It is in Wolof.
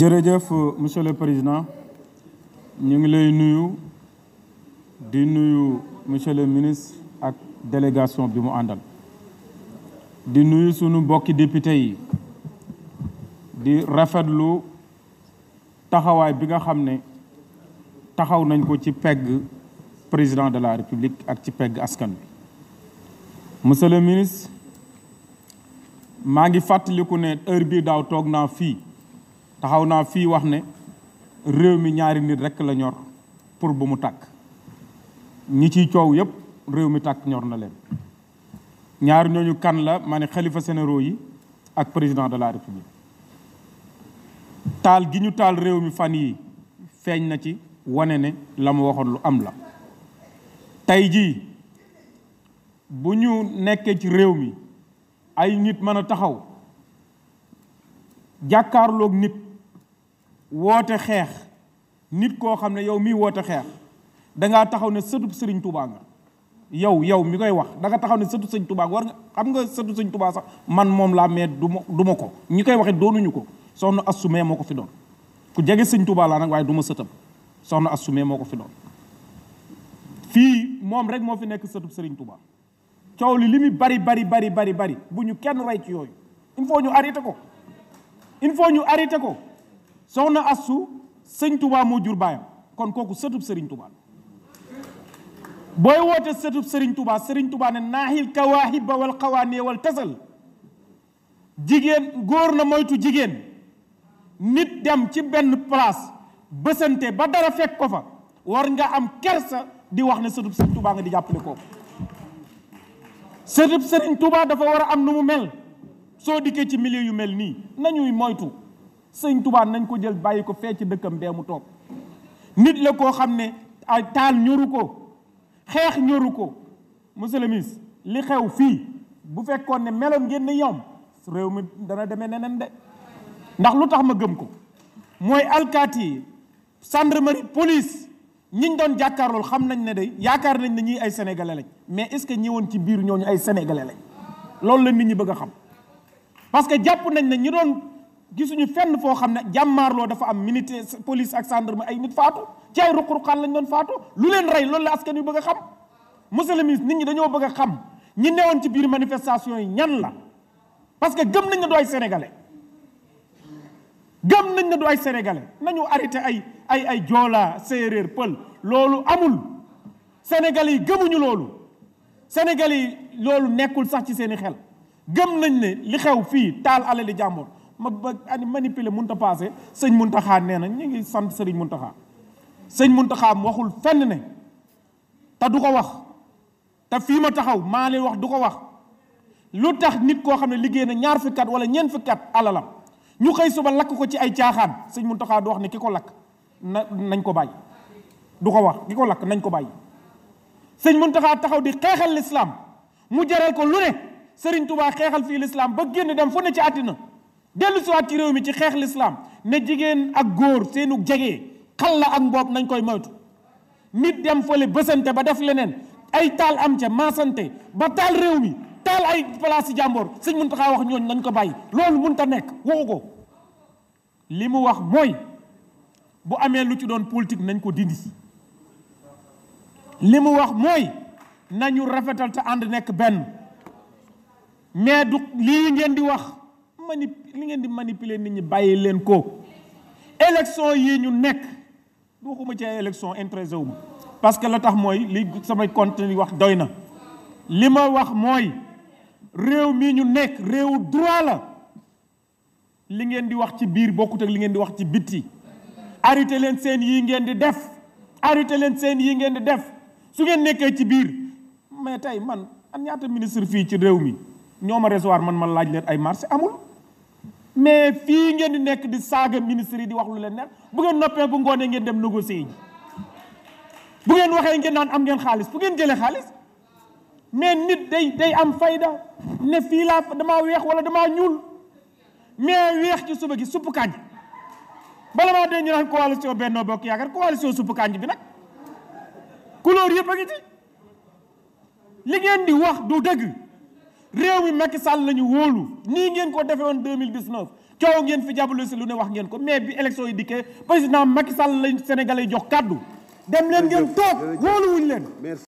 jërëjëf monsieur le président ñu ngi lay nuyu di nuyu monsieur le ministre ak délégation bi mu àndal di nuyu sunu mbokki député yi di rafetlu taxawaay bi nga xam ne taxaw nañ ko ci pegg président de la république ak ci pegg askan bi monsieur le ministre maa ngi fàttaliku ne heure bii daaw toog naa fii taxaw naa fii wax ne réew mi ñaari nit rekk la ñor pour bu mu tàkk ñi ci coow yépp réew mi tàkk ñor na leen ñaari ñooñu kan la ma ne xalifa généraux yi ak président de la république taal gi ñu taal réew mi fan yi feeñ na ci wane ne la mu waxoon lu am la tey jii bu ñu nekkee ci réew mi ay nit mën a taxaw jàkkaarloog nit woote xeex nit koo xam ne yow mii woote xeex dangaa taxaw ne sëtub sëriñ tubaa nga yow yow mi koy wax da nga taxaw ne sëtu sëñ tubaa war nga xam nga sëtu sëñ tubaa sax man moom du ma du ko ñi koy waxee doonuñu ko soxna assumé moo ko fi doon jege sëñ tubaa laa nag waaye du ma sëtam soxna assumé moo ko fi doon fii moom rek moo fi nekk sëtub sëriñ tubaa coow li li muy bari bari bari bari bari bu ñu kenn rey ci yooyu il faut ñu arrêté ko il faut ñu arrêté ko na Astou sëñ tubaa moo jur baayam kon kooku sëtub Serigne Touba booy woote sëtub Serigne Touba Serigne Touba ne naaxil kawaahiba wal xawaanee wal tasal jigéen góor na moytu jigéen nit dem ci benn place bësante ba dara fekk ko fa war nga am kersa di wax ne sëtub Serigne Touba nga di jàppale kooku sëtub sëriñ Touba dafa war a am nu mu mel soo dikkee ci milieu yu mel nii nañuy moytu. sëñ Tuubaa nañ ko jël bàyyi ko fee ci dëkkam bee mu toog nit la koo xam ne ay taal ñoru ko xeex ñoru ko monsieur li xew fii bu fekkoon ne meloon ngeen ni ñoom réew mi dana deme neneen de ndax lu tax ma gëm ko mooy alkaati yi gendarmerie police ñiñ doon jàkkaarlool xam nañ ne day yaakaar nañ ne ñii ay sénégalais lañ mais est-ce que ñi woon ci biir ñooñu ay sénégalais lañ loolu la nit ñi bëgg a xam parce jàpp nañ ne ñi doon gisuñu fenn foo xam ne jàmmaarloo dafa am militaire police ak gendarme ay nit faatu ci ay ruq-ruqaan lañ doon faatu lu leen rey loolu la askan yu bëgg a xam monsieur le ministre nit ñi dañoo bëgg a xam ñi newoon ci biir manifestation yi ñan la parce que gëm nañ ne du ay sénégalais gëm nañ ne du ay sénégalais nañu arrêté ay ay ay joola séeréer pël loolu amul sénégalais yi gëmuñu loolu sénégalais yi loolu nekkul sax ci seeni xel gëm nañ ne li xew fii taal alali jàmbur ma ba manipuler munta passé sëñ Muntaxa nee na ñu ngi sant sëriñ mun Muntaxa sëñ Muntaxa waxul fenn ne te du ko wax te fii ma taxaw maa leen wax du ko wax lu tax nit koo xam ne liggéey na ñaar fukki at wala ñeent fukki at alalam ñu xëy suba lakk ko ci ay caaxaan sëñ mun taxaa du wax ne ki ko lakk nañ ko bàyyi du ko wax ki ko lakk nañ ko bàyyi sëñ Muntaxa taxaw di xeexal lislaam mu jaral ko lu ne sëriñ Tuubaa xeexal fii lislaam ba génn dem fu ne ci àddina dellu siwaat ci réew mi ci xeex lislaam ne jigéen ak góor seenu jege xal la ak mboot nañ koy moytu nit dem fële bësante ba def leneen ay taal am ca maasante ba taal réew mi taal ay place yi jàmboor sëñ Muntaxa wax ñooñ nañ ko bàyyi loolu mun ta nekk waxu ko li mu wax mooy bu amee lu ci doon politique nañ ko dindi li mu wax mooy nañu rafetal te ànd nekk benn mais du lii ngeen di wax mani li ngeen di manipuler nit ñi bàyyi leen ko élection yi ñu nekk du waxuma ci ay élection intéressé wu ma parce que la tax mooy li samay contenu wax doy na li ma wax mooy réew mi ñu nekk réewu droit la li ngeen di wax ci biir bokkut li ngeen di wax ci bitti arrêté leen seen yii ngeen di def arrêté leen seen yi ngeen di def su ngeen nekkee ci biir mais tey man an ñaata ministre fii ci réew mi ñoo ma recevoir man ma laaj leen ay marché amul mais fii ngeen di nekk di saaga ministre yi di wax lu leen neex bu ngeen noppee bu ngoonee ngeen dem négocier ji bu ngeen waxee ngeen naan am ngeen xaalis fu ngeen jëlee xaalis mais nit day day am fayda ne fii laa damaa weex wala damaa ñuul mais weex ci suba gi suppu kànj bala maa dee ñu naan coalition Benno Bokk Yaakaar coalition suppu kànj bi nag couleur yëpp a ngi ci li ngeen di wax du dëgg. réew mi Macky Sall la ñu wóolu nii ngeen ko defee woon 2019 coow ngeen fi jàppale si lu ne wax ngeen ko mais bi élection yi dikkee président Macky Sall lañ Sénégalais jox kàddu dem leen ngeen toog wóoluwuñ leen